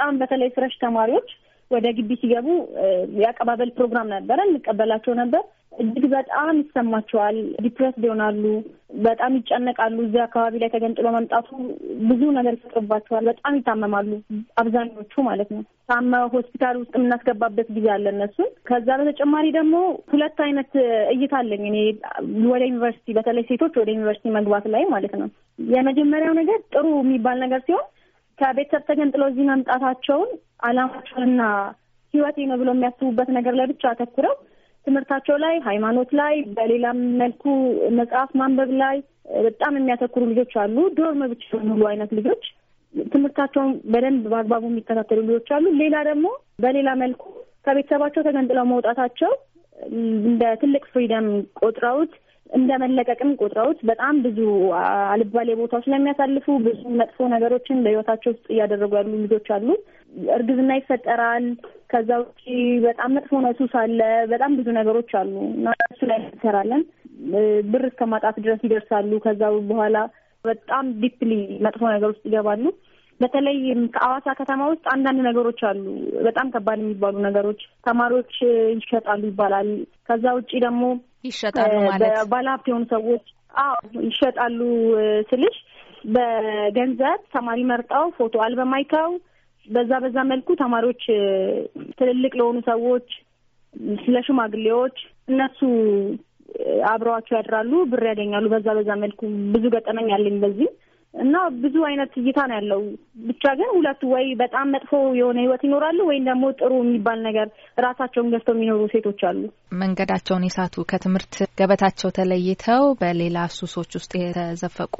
በጣም በተለይ ፍረሽ ተማሪዎች ወደ ግቢ ሲገቡ የአቀባበል ፕሮግራም ነበረ፣ እንቀበላቸው ነበር። እጅግ በጣም ይሰማቸዋል። ዲፕረስ ይሆናሉ። በጣም ይጨነቃሉ። እዚህ አካባቢ ላይ ተገንጥሎ መምጣቱ ብዙ ነገር ይፈጥርባቸዋል። በጣም ይታመማሉ፣ አብዛኞቹ ማለት ነው። ታመ ሆስፒታል ውስጥ የምናስገባበት ጊዜ አለ እነሱን። ከዛ በተጨማሪ ደግሞ ሁለት አይነት እይታ አለኝ እኔ ወደ ዩኒቨርሲቲ፣ በተለይ ሴቶች ወደ ዩኒቨርሲቲ መግባት ላይ ማለት ነው። የመጀመሪያው ነገር ጥሩ የሚባል ነገር ሲሆን ከቤተሰብ ተገንጥለው እዚህ መምጣታቸውን አላማቸውንና ህይወቴ ነው ብሎ የሚያስቡበት ነገር ላይ ብቻ አተኩረው ትምህርታቸው ላይ፣ ሃይማኖት ላይ፣ በሌላም መልኩ መጽሐፍ ማንበብ ላይ በጣም የሚያተኩሩ ልጆች አሉ። ዶርም ብቻ የሚውሉ አይነት ልጆች፣ ትምህርታቸውን በደንብ በአግባቡ የሚከታተሉ ልጆች አሉ። ሌላ ደግሞ በሌላ መልኩ ከቤተሰባቸው ተገንጥለው መውጣታቸው እንደ ትልቅ ፍሪደም ቆጥረውት እንደ መለቀቅም ቁጥረውት በጣም ብዙ አልባሌ ቦታዎች ለሚያሳልፉ ብዙ መጥፎ ነገሮችን በህይወታቸው ውስጥ እያደረጉ ያሉ ልጆች አሉ። እርግዝና ይፈጠራል። ከዛ ውጪ በጣም መጥፎ ነሱ ሱስ አለ። በጣም ብዙ ነገሮች አሉ እና እሱ ላይ እንሰራለን። ብር እስከ ማጣት ድረስ ይደርሳሉ። ከዛ በኋላ በጣም ዲፕሊ መጥፎ ነገር ውስጥ ይገባሉ። በተለይ ከአዋሳ ከተማ ውስጥ አንዳንድ ነገሮች አሉ፣ በጣም ከባድ የሚባሉ ነገሮች። ተማሪዎች ይሸጣሉ ይባላል። ከዛ ውጪ ደግሞ ይሸጣሉ ማለት ባለሀብት የሆኑ ሰዎች አዎ ይሸጣሉ ስልሽ በገንዘብ ተማሪ መርጠው ፎቶ አልበም አይተው በዛ በዛ መልኩ ተማሪዎች ትልልቅ ለሆኑ ሰዎች ስለ ሽማግሌዎች እነሱ አብረዋቸው ያድራሉ፣ ብር ያገኛሉ። በዛ በዛ መልኩ ብዙ ገጠመኝ አለኝ በዚህ እና ብዙ አይነት እይታ ነው ያለው። ብቻ ግን ሁለቱ ወይ በጣም መጥፎ የሆነ ህይወት ይኖራሉ ወይም ደግሞ ጥሩ የሚባል ነገር ራሳቸውን ገዝተው የሚኖሩ ሴቶች አሉ። መንገዳቸውን የሳቱ ከትምህርት ገበታቸው ተለይተው በሌላ ሱሶች ውስጥ የተዘፈቁ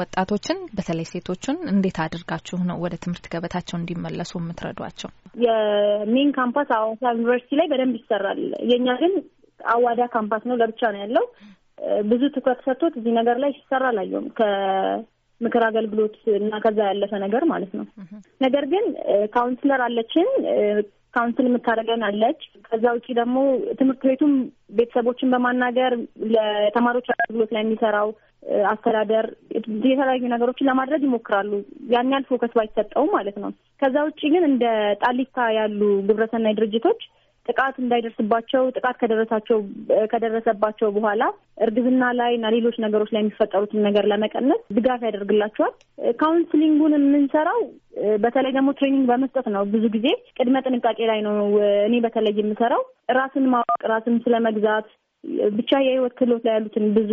ወጣቶችን በተለይ ሴቶችን እንዴት አድርጋችሁ ነው ወደ ትምህርት ገበታቸው እንዲመለሱ የምትረዷቸው? የሜን ካምፓስ አዋሳ ዩኒቨርሲቲ ላይ በደንብ ይሰራል። የእኛ ግን አዋዳ ካምፓስ ነው፣ ለብቻ ነው ያለው። ብዙ ትኩረት ሰጥቶት እዚህ ነገር ላይ ሲሰራ አላየሁም። ምክር አገልግሎት እና ከዛ ያለፈ ነገር ማለት ነው። ነገር ግን ካውንስለር አለችን፣ ካውንስል የምታደርገን አለች። ከዛ ውጭ ደግሞ ትምህርት ቤቱም ቤተሰቦችን በማናገር ለተማሪዎች አገልግሎት ላይ የሚሰራው አስተዳደር የተለያዩ ነገሮችን ለማድረግ ይሞክራሉ። ያን ያህል ፎከስ ባይሰጠውም ማለት ነው። ከዛ ውጭ ግን እንደ ጣሊታ ያሉ ግብረሰናይ ድርጅቶች ጥቃት እንዳይደርስባቸው ጥቃት ከደረሳቸው ከደረሰባቸው በኋላ እርግዝና ላይ እና ሌሎች ነገሮች ላይ የሚፈጠሩትን ነገር ለመቀነስ ድጋፍ ያደርግላቸዋል። ካውንስሊንጉን የምንሰራው በተለይ ደግሞ ትሬኒንግ በመስጠት ነው። ብዙ ጊዜ ቅድመ ጥንቃቄ ላይ ነው እኔ በተለይ የምሰራው። ራስን ማወቅ፣ ራስን ስለመግዛት ብቻ የህይወት ክህሎት ላይ ያሉትን ብዙ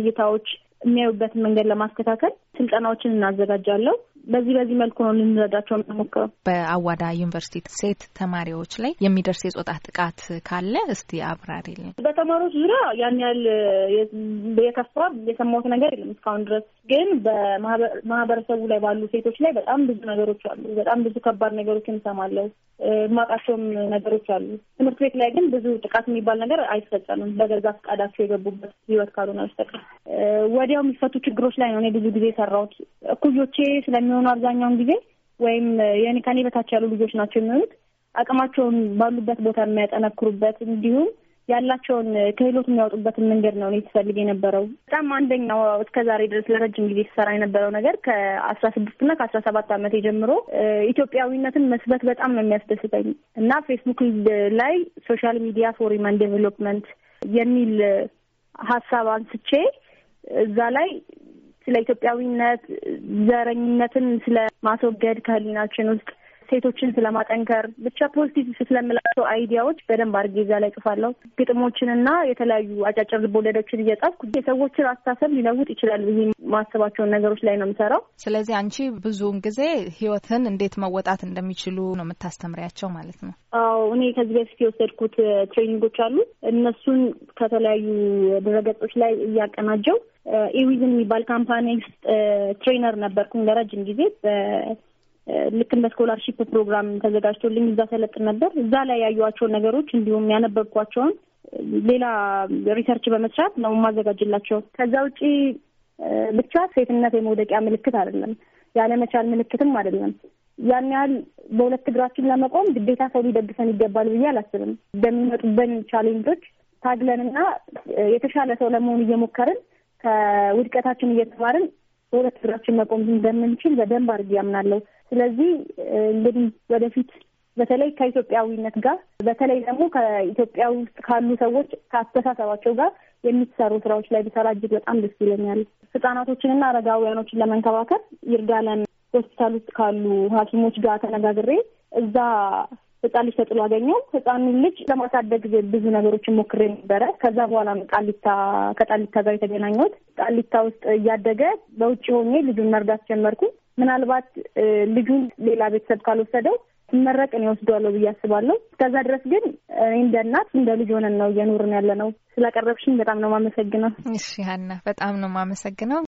እይታዎች የሚያዩበትን መንገድ ለማስተካከል ስልጠናዎችን እናዘጋጃለሁ። በዚህ በዚህ መልኩ ነው ልንረዳቸው የምንሞክረው። በአዋዳ ዩኒቨርሲቲ ሴት ተማሪዎች ላይ የሚደርስ የጾታ ጥቃት ካለ እስቲ አብራሪልኝ። በተማሪዎች ዙሪያ ያን ያህል የከፋ የሰማሁት ነገር የለም እስካሁን ድረስ። ግን በማህበረሰቡ ላይ ባሉ ሴቶች ላይ በጣም ብዙ ነገሮች አሉ። በጣም ብዙ ከባድ ነገሮች እንሰማለሁ። ማቃቸውም ነገሮች አሉ። ትምህርት ቤት ላይ ግን ብዙ ጥቃት የሚባል ነገር አይፈጸምም። በገዛ ፈቃዳቸው የገቡበት ህይወት ካልሆነ በስተቀር ወዲያው የሚፈቱ ችግሮች ላይ ነው እኔ ብዙ ጊዜ የሰራሁት እኩዮቼ ስለሚ የሚሆኑ አብዛኛውን ጊዜ ወይም የኔ ከኔ በታች ያሉ ልጆች ናቸው የሚሆኑት አቅማቸውን ባሉበት ቦታ የሚያጠነክሩበት እንዲሁም ያላቸውን ክህሎት የሚያወጡበትን መንገድ ነው ትፈልግ የነበረው። በጣም አንደኛው እስከ ዛሬ ድረስ ለረጅም ጊዜ ሲሰራ የነበረው ነገር ከአስራ ስድስት እና ከአስራ ሰባት ዓመት ጀምሮ ኢትዮጵያዊነትን መስበት በጣም ነው የሚያስደስተኝ እና ፌስቡክ ላይ ሶሻል ሚዲያ ፎር ዴቨሎፕመንት የሚል ሀሳብ አንስቼ እዛ ላይ ስለ ኢትዮጵያዊነት፣ ዘረኝነትን ስለ ማስወገድ ከህሊናችን ውስጥ ሴቶችን ስለማጠንከር ብቻ ፖዚቲቭ ስለምላቸው አይዲያዎች በደንብ አድርጌ እዛ ላይ ጽፋለሁ። ግጥሞችንና የተለያዩ አጫጭር ልብ ወለዶችን እየጻፍኩ የሰዎችን አስተሳሰብ ሊለውጥ ይችላል ብዬ ማሰባቸውን ነገሮች ላይ ነው የምሰራው። ስለዚህ አንቺ ብዙውን ጊዜ ህይወትን እንዴት መወጣት እንደሚችሉ ነው የምታስተምሪያቸው ማለት ነው? አዎ እኔ ከዚህ በፊት የወሰድኩት ትሬኒንጎች አሉ። እነሱን ከተለያዩ ድረገጾች ላይ እያቀናጀው ኢዊዝን የሚባል ካምፓኒ ውስጥ ትሬነር ነበርኩኝ ለረጅም ጊዜ ልክ እንደ ስኮላርሺፕ ፕሮግራም ተዘጋጅቶልኝ እዛ ሰለጥን ነበር። እዛ ላይ ያዩዋቸውን ነገሮች እንዲሁም ያነበብኳቸውን ሌላ ሪሰርች በመስራት ነው የማዘጋጅላቸው። ከዛ ውጪ ብቻ ሴትነት የመውደቂያ ምልክት አይደለም፣ ያለመቻል ምልክትም አይደለም። ያን ያህል በሁለት እግራችን ለመቆም ግዴታ ሰው ሊደግፈን ይገባል ብዬ አላስብም። በሚመጡበን ቻሌንጆች ታግለንና የተሻለ ሰው ለመሆን እየሞከርን ከውድቀታችን እየተማርን እግራችን መቆም እንደምንችል በደንብ አድርጌ ያምናለሁ። ስለዚህ እንግዲህ ወደፊት በተለይ ከኢትዮጵያዊነት ጋር በተለይ ደግሞ ከኢትዮጵያ ውስጥ ካሉ ሰዎች ከአስተሳሰባቸው ጋር የሚሰሩ ስራዎች ላይ ቢሰራ እጅግ በጣም ደስ ይለኛል። ህጻናቶችንና አረጋውያኖችን ለመንከባከብ ይርጋለም ሆስፒታል ውስጥ ካሉ ሐኪሞች ጋር ተነጋግሬ እዛ ህጻን ልጅ ተጥሎ አገኘው። ህጻኑን ልጅ ለማሳደግ ብዙ ነገሮችን ሞክሬ ነበረ። ከዛ በኋላ ጣሊታ ከጣሊታ ጋር የተገናኘሁት ጣሊታ ውስጥ እያደገ በውጭ ሆኜ ልጁን መርዳት ጀመርኩ። ምናልባት ልጁን ሌላ ቤተሰብ ካልወሰደው መረቅ ነው ይወስዷለሁ ብዬ አስባለሁ። እስከዛ ድረስ ግን እንደ እናት እንደ ልጅ ሆነን ነው እየኖርን ያለ ነው። ስላቀረብሽኝ በጣም ነው ማመሰግነው። እሺ ሀና፣ በጣም ነው ማመሰግነው።